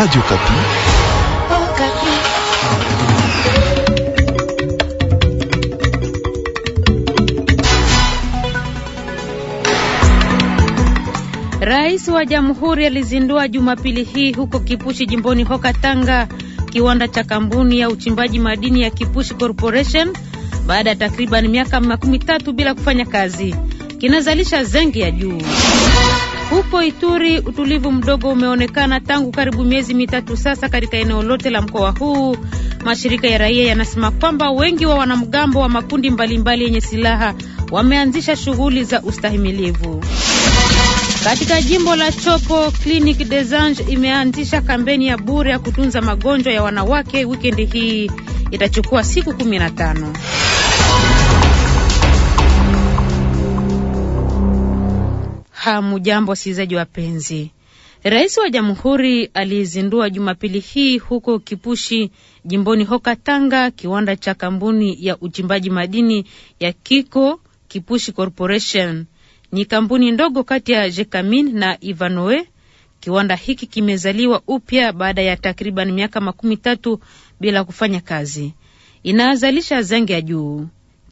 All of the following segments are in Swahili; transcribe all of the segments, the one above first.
Radio Kapi. Rais wa Jamhuri alizindua Jumapili hii huko Kipushi jimboni Hoka Tanga kiwanda cha kampuni ya uchimbaji madini ya Kipushi Corporation baada ya takriban miaka makumi tatu bila kufanya kazi. Kinazalisha zengi ya juu. Huko Ituri, utulivu mdogo umeonekana tangu karibu miezi mitatu sasa katika eneo lote la mkoa huu. Mashirika ya raia yanasema kwamba wengi wa wanamgambo wa makundi mbalimbali yenye mbali silaha wameanzisha shughuli za ustahimilivu. Katika jimbo la Chopo, Clinic des Anges imeanzisha kampeni ya bure ya kutunza magonjwa ya wanawake wikendi hii. Itachukua siku 15. Hamujambo wasikilizaji wapenzi. Rais wa Jamhuri alizindua Jumapili hii huko Kipushi, jimboni Hoka Tanga, kiwanda cha kampuni ya uchimbaji madini ya Kiko Kipushi Corporation. Ni kampuni ndogo kati ya Jekamin na Ivanoe. Kiwanda hiki kimezaliwa upya baada ya takriban miaka makumi tatu bila kufanya kazi. Inazalisha zenge ya juu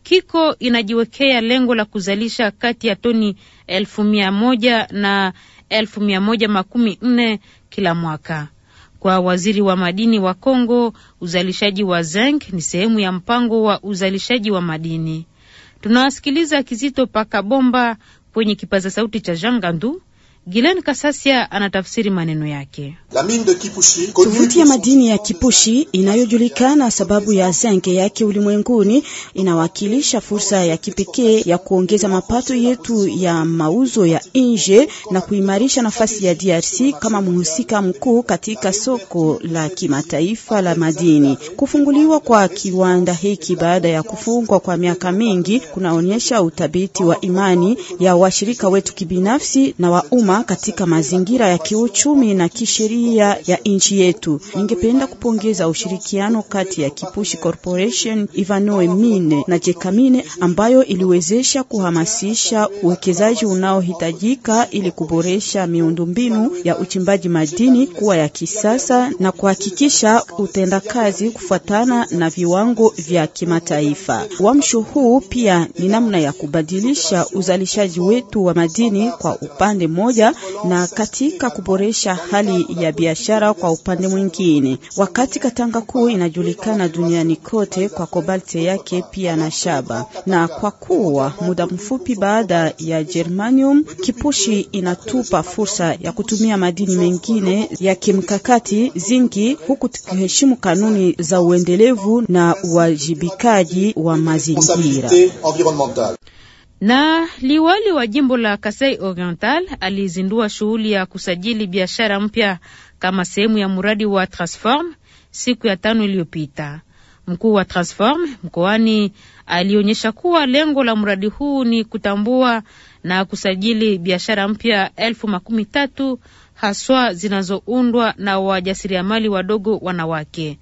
Kiko inajiwekea lengo la kuzalisha kati ya toni elfu mia moja na elfu mia moja makumi nne kila mwaka. Kwa waziri wa madini wa Kongo, uzalishaji wa zinc ni sehemu ya mpango wa uzalishaji wa madini. Tunawasikiliza Kizito pakabomba kwenye kipaza sauti cha Gandu. Gilen Kasasia anatafsiri maneno yake. Tovuti ya madini ya Kipushi inayojulikana sababu ya zenge yake ulimwenguni inawakilisha fursa ya kipekee ya kuongeza mapato yetu ya mauzo ya nje na kuimarisha nafasi ya DRC kama mhusika mkuu katika soko la kimataifa la madini. Kufunguliwa kwa kiwanda hiki baada ya kufungwa kwa miaka mingi kunaonyesha uthabiti wa imani ya washirika wetu kibinafsi na wa umma katika mazingira ya kiuchumi na kisheria ya nchi yetu. Ningependa kupongeza ushirikiano kati ya Kipushi Corporation, Ivanoe Mine na Jekamine ambayo iliwezesha kuhamasisha uwekezaji unaohitajika ili kuboresha miundombinu ya uchimbaji madini kuwa ya kisasa na kuhakikisha utendakazi kufuatana na viwango vya kimataifa. Uamsho huu pia ni namna ya kubadilisha uzalishaji wetu wa madini kwa upande mmoja na katika kuboresha hali ya biashara kwa upande mwingine. Wakati Katanga Kuu inajulikana duniani kote kwa kobalti yake pia na shaba, na kwa kuwa muda mfupi baada ya germanium, kipushi inatupa fursa ya kutumia madini mengine ya kimkakati zingi, huku tukiheshimu kanuni za uendelevu na uwajibikaji wa mazingira. Na liwali wa jimbo la Kasai Oriental alizindua shughuli ya kusajili biashara mpya kama sehemu ya mradi wa Transform siku ya tano iliyopita. Mkuu wa Transform mkoani alionyesha kuwa lengo la mradi huu ni kutambua na kusajili biashara mpya elfu makumi tatu haswa zinazoundwa na wajasiriamali wadogo wanawake.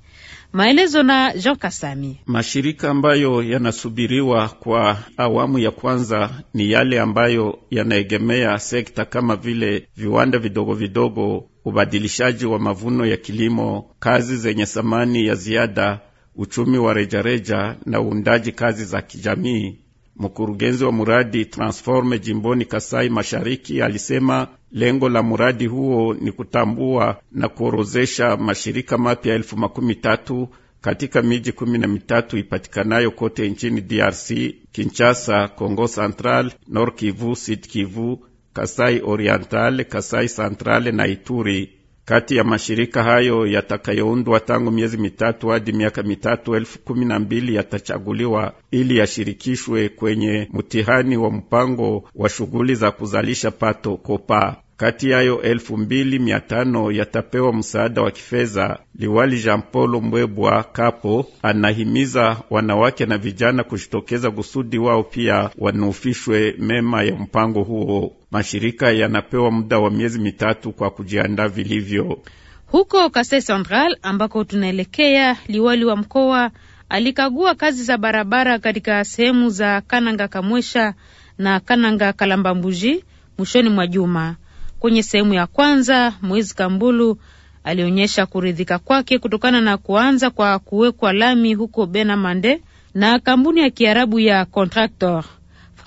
Maelezo na Jean Kasami. Mashirika ambayo yanasubiriwa kwa awamu ya kwanza ni yale ambayo yanaegemea sekta kama vile viwanda vidogo vidogo, ubadilishaji wa mavuno ya kilimo, kazi zenye thamani ya ziada, uchumi wa rejareja na uundaji kazi za kijamii. Mkurugenzi wa muradi Transforme jimboni Kasai Mashariki alisema lengo la muradi huo ni kutambua na kuorozesha mashirika mapya elfu makumi tatu katika miji kumi na mitatu ipatikanayo kote nchini DRC: Kinshasa, congo Central, Nord Kivu, Sud Kivu, Kasai Oriental, Kasai Centrale na Ituri. Kati ya mashirika hayo yatakayoundwa tangu miezi mitatu hadi miaka mitatu elfu kumi na mbili yatachaguliwa ili yashirikishwe kwenye mtihani wa mpango wa shughuli za kuzalisha pato kopa. Kati yayo elfu mbili mia tano yatapewa msaada wa kifedha. Liwali Jean Paul Mbwebwa Kapo anahimiza wanawake na vijana kujitokeza kusudi wao pia wanufishwe mema ya mpango huo. Mashirika yanapewa muda wa miezi mitatu kwa kujiandaa vilivyo. Huko Kasai Central ambako tunaelekea, liwali wa mkoa alikagua kazi za barabara katika sehemu za Kananga Kamwesha na Kananga Kalambambuji mwishoni mwa juma. Kwenye sehemu ya kwanza, Mwezi Kambulu alionyesha kuridhika kwake kutokana na kuanza kwa kuwekwa lami huko Benamande na kampuni ya Kiarabu ya Contractor.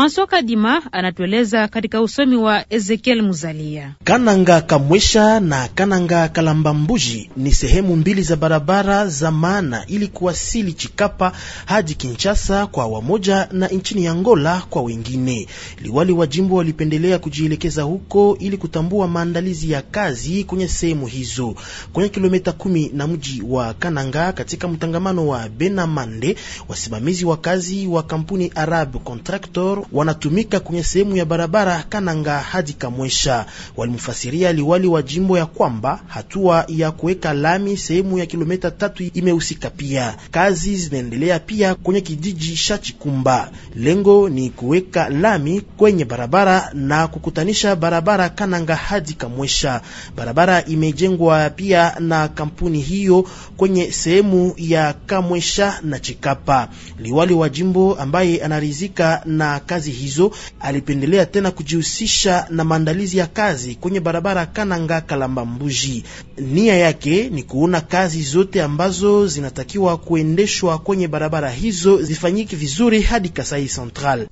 Ansoka Dima anatueleza katika usomi wa Ezekiel Muzalia. Kananga Kamwesha na Kananga Kalambambuji ni sehemu mbili za barabara za maana ili kuwasili Chikapa hadi Kinshasa kwa wamoja na nchini Angola kwa wengine. Liwali wa jimbo walipendelea kujielekeza huko ili kutambua maandalizi ya kazi kwenye sehemu hizo kwenye kilomita kumi na mji wa Kananga. Katika mtangamano wa Bena Mande, wasimamizi wa kazi wa kampuni Arab Contractor wanatumika kwenye sehemu ya barabara Kananga hadi Kamwesha. Walimfasiria liwali wa jimbo ya kwamba hatua ya kuweka lami sehemu ya kilomita tatu imehusika pia. Kazi zinaendelea pia kwenye kijiji cha Chikumba. Lengo ni kuweka lami kwenye barabara na kukutanisha barabara Kananga hadi Kamwesha. Barabara imejengwa pia na kampuni hiyo kwenye sehemu ya Kamwesha na Chikapa. Liwali wa jimbo ambaye anarizika na kazi kazi hizo, alipendelea tena kujihusisha na maandalizi ya kazi kwenye barabara Kananga Kalamba Mbuji. Nia yake ni kuona kazi zote ambazo zinatakiwa kuendeshwa kwenye barabara hizo zifanyike vizuri hadi Kasai Central.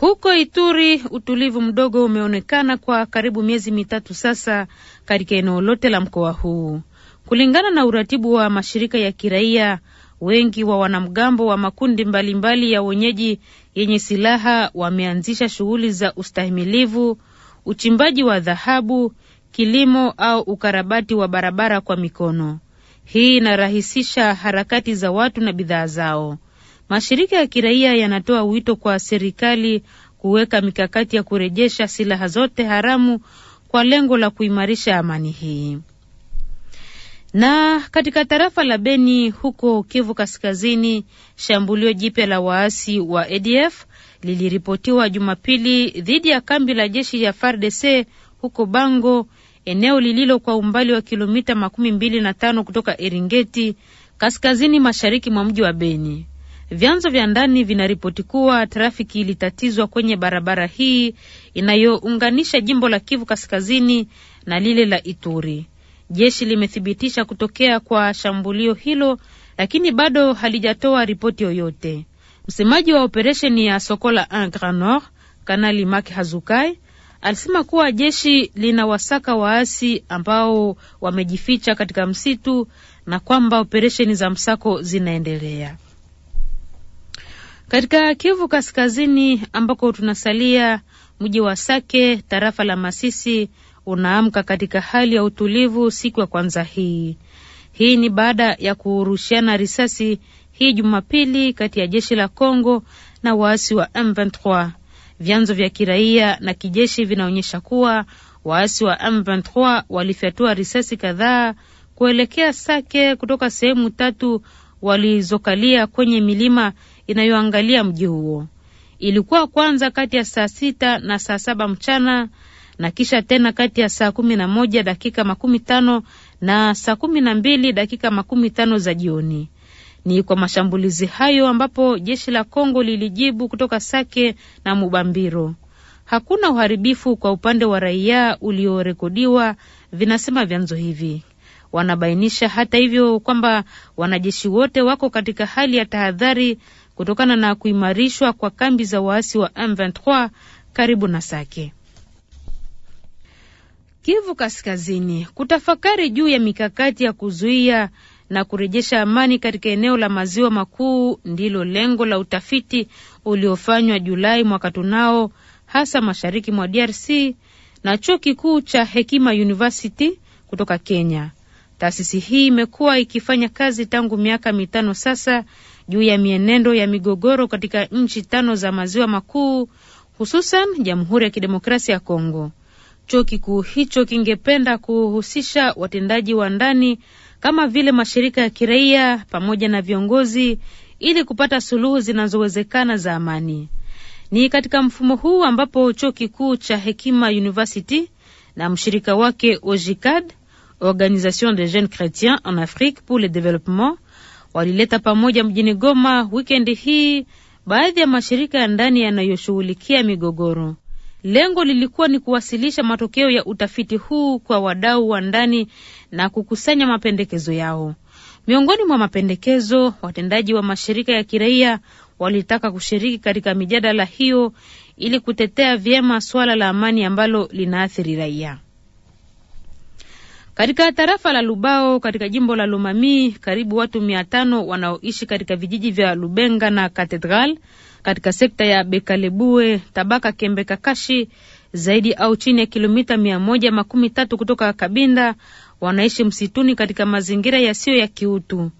Huko Ituri utulivu mdogo umeonekana kwa karibu miezi mitatu sasa katika eneo lote la mkoa huu, kulingana na uratibu wa mashirika ya kiraia. Wengi wa wanamgambo wa makundi mbalimbali mbali ya wenyeji yenye silaha wameanzisha shughuli za ustahimilivu, uchimbaji wa dhahabu, kilimo au ukarabati wa barabara kwa mikono. Hii inarahisisha harakati za watu na bidhaa zao. Mashirika ya kiraia yanatoa wito kwa serikali kuweka mikakati ya kurejesha silaha zote haramu kwa lengo la kuimarisha amani hii. Na katika tarafa la Beni huko Kivu Kaskazini, shambulio jipya la waasi wa ADF liliripotiwa Jumapili dhidi ya kambi la jeshi ya FARDC huko Bango, eneo lililo kwa umbali wa kilomita makumi mbili na tano kutoka Eringeti, kaskazini mashariki mwa mji wa Beni. Vyanzo vya ndani vinaripoti kuwa trafiki ilitatizwa kwenye barabara hii inayounganisha jimbo la Kivu Kaskazini na lile la Ituri. Jeshi limethibitisha kutokea kwa shambulio hilo, lakini bado halijatoa ripoti yoyote. Msemaji wa operesheni ya Sokola un Grand Nord, Kanali Mak Hazukai, alisema kuwa jeshi linawasaka waasi ambao wamejificha katika msitu na kwamba operesheni za msako zinaendelea. Katika Kivu Kaskazini ambako tunasalia, mji wa Sake, tarafa la Masisi, unaamka katika hali ya utulivu siku ya kwanza hii. Hii ni baada ya kurushiana risasi hii Jumapili kati ya jeshi la Kongo na waasi wa M23. Vyanzo vya kiraia na kijeshi vinaonyesha kuwa waasi wa M23 walifyatua risasi kadhaa kuelekea Sake kutoka sehemu tatu walizokalia kwenye milima inayoangalia mji huo. Ilikuwa kwanza kati ya saa sita na saa saba mchana na kisha tena kati ya saa kumi na moja dakika makumi tano na saa kumi na mbili dakika makumi tano za jioni. Ni kwa mashambulizi hayo ambapo jeshi la Kongo lilijibu kutoka Sake na Mubambiro. Hakuna uharibifu kwa upande wa raia uliorekodiwa, vinasema vyanzo hivi. Wanabainisha hata hivyo kwamba wanajeshi wote wako katika hali ya tahadhari kutokana na kuimarishwa kwa kambi za waasi wa M23 karibu na Sake. Kivu Kaskazini kutafakari juu ya mikakati ya kuzuia na kurejesha amani katika eneo la maziwa makuu ndilo lengo la utafiti uliofanywa Julai mwaka tunao, hasa mashariki mwa DRC na chuo kikuu cha Hekima University kutoka Kenya. Taasisi hii imekuwa ikifanya kazi tangu miaka mitano sasa juu ya mienendo ya migogoro katika nchi tano za maziwa makuu, hususan Jamhuri ya Kidemokrasia ya Kongo. Chuo kikuu hicho kingependa kuhusisha watendaji wa ndani kama vile mashirika ya kiraia pamoja na viongozi ili kupata suluhu zinazowezekana za amani. Ni katika mfumo huu ambapo chuo kikuu cha Hekima University na mshirika wake OJICAD, Organisation des Jeunes Chretiens en Afrique pour le Developpement, walileta pamoja mjini Goma wikendi hii baadhi ya mashirika ya ndani yanayoshughulikia migogoro. Lengo lilikuwa ni kuwasilisha matokeo ya utafiti huu kwa wadau wa ndani na kukusanya mapendekezo yao. Miongoni mwa mapendekezo, watendaji wa mashirika ya kiraia walitaka kushiriki katika mijadala hiyo ili kutetea vyema suala la amani ambalo linaathiri raia. Katika tarafa la Lubao katika jimbo la Lomami, karibu watu mia tano wanaoishi katika vijiji vya Lubenga na Katedral katika sekta ya Bekalebue tabaka Kembe Kakashi, zaidi au chini ya kilomita mia moja makumi tatu kutoka Kabinda, wanaishi msituni katika mazingira yasiyo ya kiutu.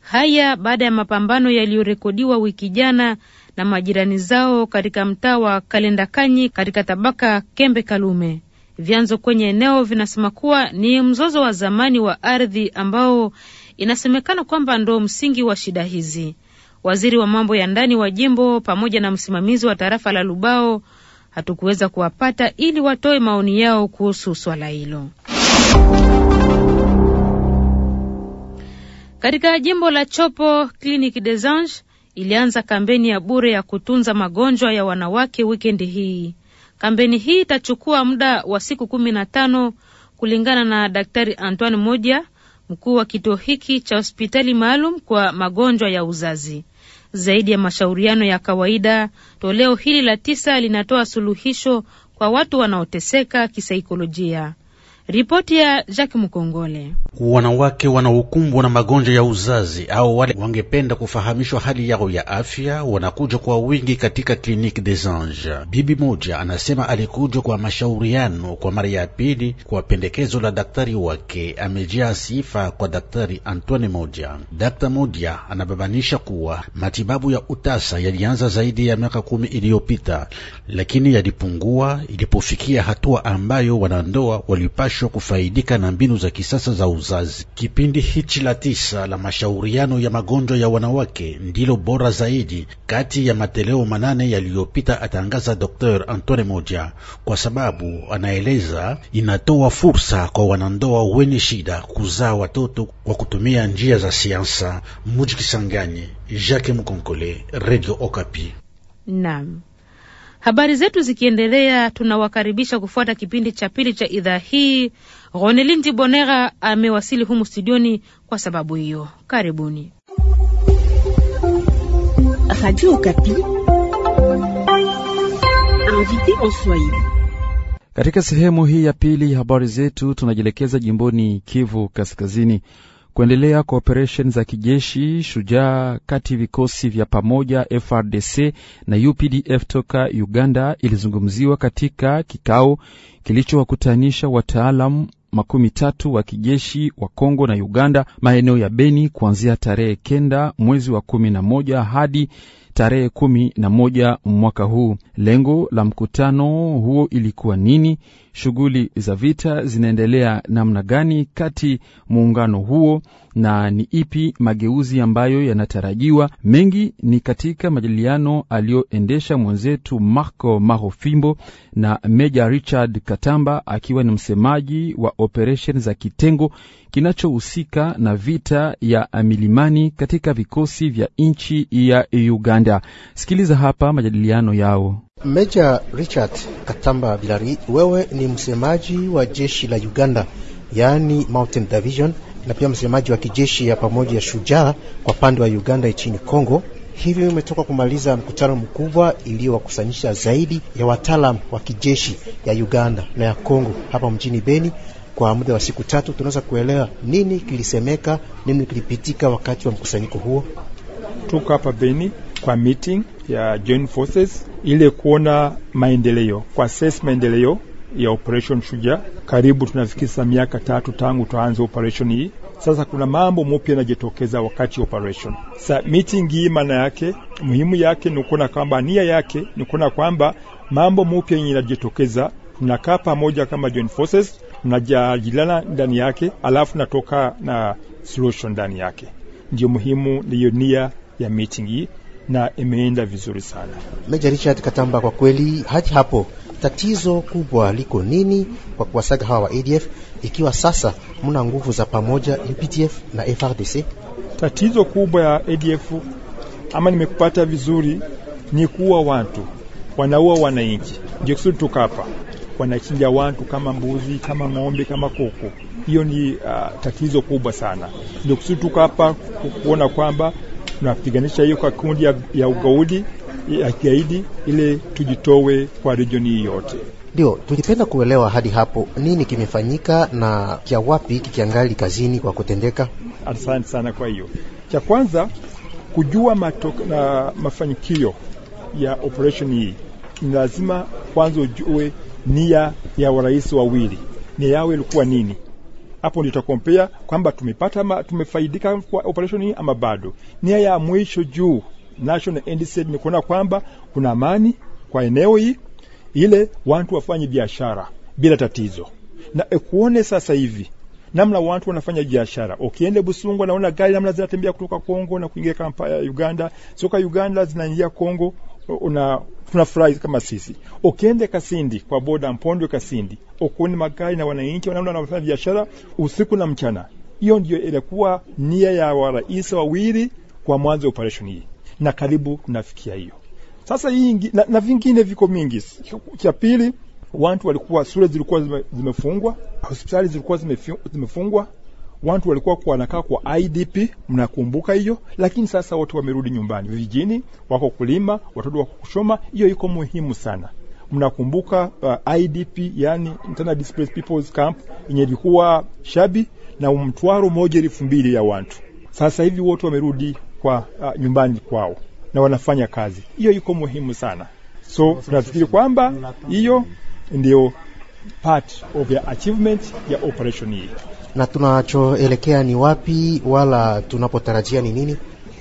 Haya baada ya mapambano yaliyorekodiwa wiki jana na majirani zao katika mtaa wa Kalendakanyi katika tabaka Kembe Kalume. Vyanzo kwenye eneo vinasema kuwa ni mzozo wa zamani wa ardhi ambao inasemekana kwamba ndo msingi wa shida hizi waziri wa mambo ya ndani wa jimbo pamoja na msimamizi wa tarafa la Lubao. Hatukuweza kuwapata ili watoe maoni yao kuhusu swala hilo. Katika jimbo la Chopo, Clinique des Anges ilianza kampeni ya bure ya kutunza magonjwa ya wanawake wikendi hii. Kampeni hii itachukua muda wa siku kumi na tano kulingana na Daktari Antoine Moja, mkuu wa kituo hiki cha hospitali maalum kwa magonjwa ya uzazi. Zaidi ya mashauriano ya kawaida, toleo hili la tisa linatoa suluhisho kwa watu wanaoteseka kisaikolojia. Ripoti ya Jacques Mkongole. Wanawake wanaokumbwa na magonjwa ya uzazi au wale wangependa kufahamishwa hali yao ya afya wanakuja kwa wingi katika Clinique des Anges. Bibi moja anasema alikuja kwa mashauriano kwa mara ya pili kwa pendekezo la daktari wake. Amejia sifa kwa daktari Antoine moja. Daktari moja anababanisha kuwa matibabu ya utasa yalianza zaidi ya miaka kumi iliyopita, lakini yalipungua ilipofikia hatua ambayo wanandoa walipasha wanapashwa kufaidika na mbinu za kisasa za uzazi. Kipindi hichi la tisa la mashauriano ya magonjwa ya wanawake ndilo bora zaidi kati ya mateleo manane yaliyopita, atangaza Dr. Antoine Moja, kwa sababu anaeleza inatoa fursa kwa wanandoa wenye shida kuzaa watoto kwa kutumia njia za siansa. Muji Kisangani, Jacques Mkonkole, Radio Okapi. Naam. Habari zetu zikiendelea, tunawakaribisha kufuata kipindi cha pili cha idhaa hii. Ronelin Tibonera amewasili humu studioni kwa sababu hiyo. Karibuni Katika sehemu hii ya pili habari zetu tunajielekeza jimboni Kivu Kaskazini kuendelea kwa operesheni za kijeshi shujaa kati vikosi vya pamoja FRDC na UPDF toka Uganda ilizungumziwa katika kikao kilichowakutanisha wataalam makumi tatu wa kijeshi wa Kongo na Uganda maeneo ya Beni kuanzia tarehe kenda mwezi wa kumi na moja hadi tarehe kumi na moja mwaka huu. Lengo la mkutano huo ilikuwa nini? Shughuli za vita zinaendelea namna gani kati muungano huo, na ni ipi mageuzi ambayo yanatarajiwa? Mengi ni katika majadiliano aliyoendesha mwenzetu Marco Marofimbo na Meja Richard Katamba akiwa ni msemaji wa operesheni za kitengo kinachohusika na vita ya milimani katika vikosi vya nchi ya Uganda. Sikiliza hapa majadiliano yao. Meja Richard Katamba Bilari, wewe ni msemaji wa jeshi la Uganda, yaani Mountain Division, na pia msemaji wa kijeshi ya pamoja ya Shujaa kwa pande wa Uganda nchini Kongo. Hivi umetoka kumaliza mkutano mkubwa iliyowakusanyisha zaidi ya wataalamu wa kijeshi ya Uganda na ya Kongo hapa mjini Beni kwa muda wa siku tatu, tunaweza kuelewa nini kilisemeka, nini kilipitika wakati wa mkusanyiko huo. Tuko hapa Beni kwa meeting ya Joint Forces ile kuona maendeleo kwa assess maendeleo ya Operation Shujaa. Karibu tunafikisa miaka tatu tangu tuanze operation hii. Sasa kuna mambo mopya yanajitokeza wakati operation. Sa meeting hii maana yake muhimu yake ni kuona kwamba nia yake ni kuona kwamba mambo mopya yenye yanajitokeza, tunakaa pamoja kama Joint Forces unajadiliana ndani yake, alafu natoka na solution ndani yake. Ndio muhimu, ndiyo nia ya meeting hii na imeenda vizuri sana. Meja Richard Katamba, kwa kweli hadi hapo tatizo kubwa liko nini kwa kuwasaga hawa wa ADF ikiwa sasa mna nguvu za pamoja UPDF na FRDC? Tatizo kubwa ya ADF ama nimekupata vizuri, ni kuwa watu wanaua wananchi, ndio kusudi tukapa wanachinja watu kama mbuzi, kama ng'ombe, kama kuku. Hiyo ni uh, tatizo kubwa sana. Ndio kusudi tuko hapa kuona kwamba tunapiganisha hiyo kwa kundi ya, ya ugaudi ya kigaidi, ili tujitowe kwa regioni hii yote. Ndio tulipenda kuelewa hadi hapo nini kimefanyika na kya wapi kikiangali kazini kwa kutendeka. Asante sana. Kwa hiyo cha kwanza kujua matoke, na mafanikio ya operation hii ni lazima kwanza ujue nia ya warais wawili nia yao ilikuwa nini hapo ndio tutakompea kwamba tumepata ama tumefaidika kwa operation hii ama bado nia ya mwisho juu national end ni kuona kwamba kuna amani kwa eneo hii ile watu wafanye biashara bila tatizo na ekuone sasa hivi namna watu wanafanya biashara. Ukiende Busungwa naona gari namna zinatembea kutoka Kongo na kuingia Kampala Uganda, soka Uganda zinaingia Kongo, una tunafurahi kama sisi. Ukiende Kasindi kwa boda mpondo Kasindi, ukuoni magari na wananchi wanaona wanafanya biashara usiku na mchana. Hiyo ndio ilikuwa nia ya marais wawili kwa mwanzo operation hii, na karibu tunafikia hiyo sasa hii na, na vingine viko mingi. Cha pili, watu walikuwa, shule zilikuwa zimefungwa, hospitali zilikuwa zimefungwa, watu walikuwa wanakaa kwa IDP, mnakumbuka hiyo. Lakini sasa watu wamerudi nyumbani, vijijini wako kulima, watoto wako kushoma. Hiyo iko muhimu sana. Mnakumbuka uh, IDP yani Internal Displaced Peoples Camp yenye ilikuwa shabi na mtwaro moja elfu mbili ya watu. Sasa hivi wote wamerudi kwa uh, nyumbani kwao na wanafanya kazi. Hiyo iko muhimu sana, so tunafikiri kwamba hiyo ndio part of the achievement ya operation hii na tunachoelekea ni wapi, wala tunapotarajia ni nini?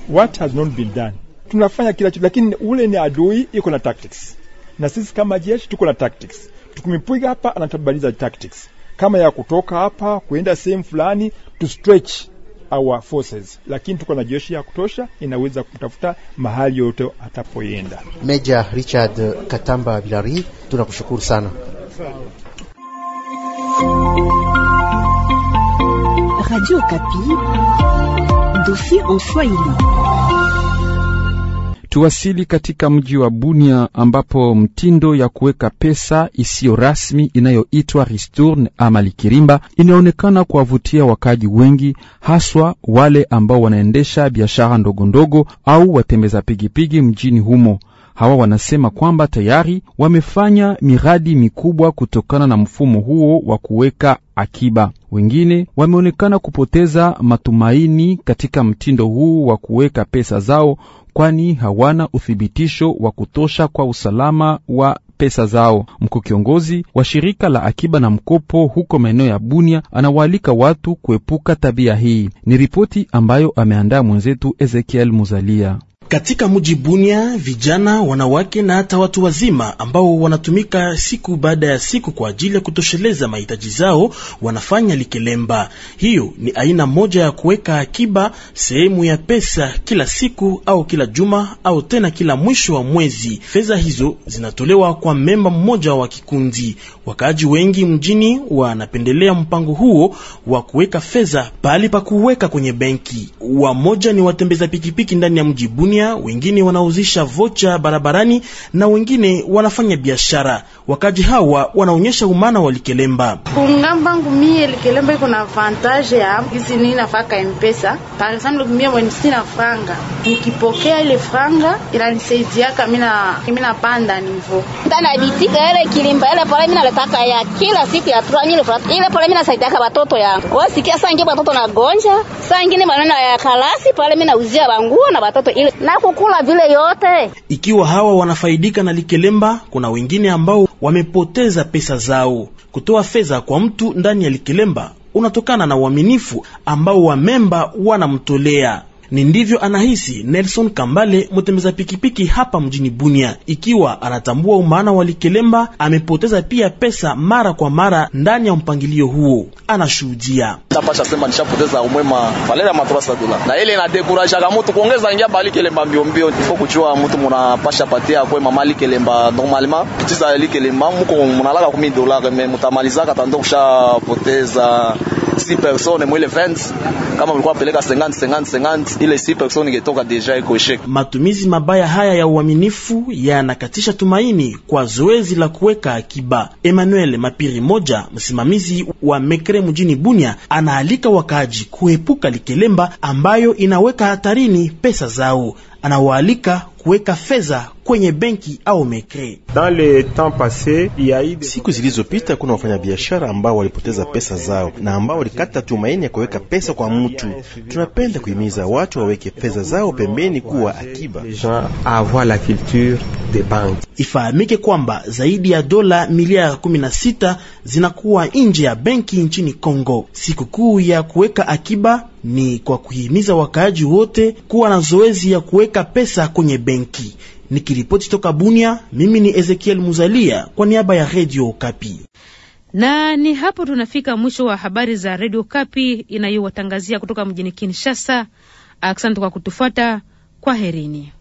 What has not been done, tunafanya kila kitu, lakini ule ni adui iko na tactics, na sisi kama jeshi tuko na tactics. Tukimpiga hapa anatabadiliza tactics, kama ya kutoka hapa kuenda sehemu fulani to stretch our forces, lakini tuko na jeshi ya kutosha, inaweza kutafuta mahali yote atapoenda. Major Richard Katamba Bilari, tunakushukuru sana. Radio Kapi, dossier en Swahili. Tuwasili katika mji wa Bunia ambapo mtindo ya kuweka pesa isiyo rasmi inayoitwa ristourne ama likirimba inaonekana kuwavutia wakaji wengi, haswa wale ambao wanaendesha biashara ndogondogo au watembeza pigipigi mjini humo. Hawa wanasema kwamba tayari wamefanya miradi mikubwa kutokana na mfumo huo wa kuweka akiba. Wengine wameonekana kupoteza matumaini katika mtindo huu wa kuweka pesa zao, kwani hawana uthibitisho wa kutosha kwa usalama wa pesa zao. Mkuu kiongozi wa shirika la akiba na mkopo huko maeneo ya Bunia anawaalika watu kuepuka tabia hii. Ni ripoti ambayo ameandaa mwenzetu Ezekiel Muzalia. Katika mji Bunia, vijana, wanawake na hata watu wazima ambao wanatumika siku baada ya siku kwa ajili ya kutosheleza mahitaji zao wanafanya likelemba. Hiyo ni aina moja ya kuweka akiba sehemu ya pesa kila siku au kila juma au tena kila mwisho wa mwezi. Fedha hizo zinatolewa kwa memba mmoja wa kikundi. Wakaaji wengi mjini wanapendelea mpango huo wa kuweka fedha pahali pa kuweka kwenye benki. Wamoja ni watembeza pikipiki ndani ya mji Bunia wengine wanauzisha vocha barabarani na wengine wanafanya biashara. Wakaji hawa wanaonyesha umana wa Likelemba. Kungamba mie Likelemba iko na avantage ya hizi nini nafaka mpesa. Par exemple mie mwenye sina franga. Nikipokea ile franga inanisaidia kama mina mina panda nivo. Ndana biti ile kilimba ile pole mina nataka ya kila siku ya 3000 francs. Ile pole mina saidia kwa watoto yangu. Wao sikia saa ingine watoto na gonja, saa ingine maneno ya kalasi pale mina uzia banguo na watoto ile. Na kukula vile yote. Ikiwa hawa wanafaidika na Likelemba, kuna wengine ambao wamepoteza pesa zao. Kutoa fedha kwa mtu ndani ya Likilemba unatokana na uaminifu ambao wamemba wanamtolea. Ni ndivyo anahisi Nelson Kambale, mtembeza pikipiki hapa mjini Bunia, ikiwa anatambua umaana wa Likelemba. Amepoteza pia pesa mara kwa mara ndani ya mpangilio huo, anashuhudia tapasha sema nishapoteza umwema valera matrasa dola na ile na dekurajaka mtu kuongeza ngia bali Likelemba mbio mbio, ifo kujua mtu munapasha patia kwa mama Likelemba normalement kitiza Likelemba mko munalaka 10 dola, mtamalizaka tando kushapoteza si persone mwile fence kama ulikuwa peleka sengani sengani sengani, ile si personnes ingetoka deja iko shake. Matumizi mabaya haya ya uaminifu yanakatisha tumaini kwa zoezi la kuweka akiba. Emmanuel Mapiri moja, msimamizi wa Mekre mjini Bunia, anaalika wakaaji kuepuka likelemba ambayo inaweka hatarini pesa zao anawaalika kuweka fedha kwenye benki au mekre. Siku zilizopita kuna wafanyabiashara ambao walipoteza pesa zao na ambao walikata tumaini ya kuweka pesa kwa mtu. Tunapenda kuhimiza watu waweke fedha zao pembeni kuwa akiba. Ifahamike kwamba zaidi ya dola miliari 16 zinakuwa nje ya benki nchini Kongo. Sikukuu ya kuweka akiba ni kwa kuhimiza wakaaji wote kuwa na zoezi ya kuweka pesa kwenye benki. Nikiripoti toka Bunia, mimi ni Ezekiel Muzalia kwa niaba ya Redio Kapi. Na ni hapo tunafika mwisho wa habari za Redio Kapi inayowatangazia kutoka mjini Kinshasa. Asante kwa kutufuata. herini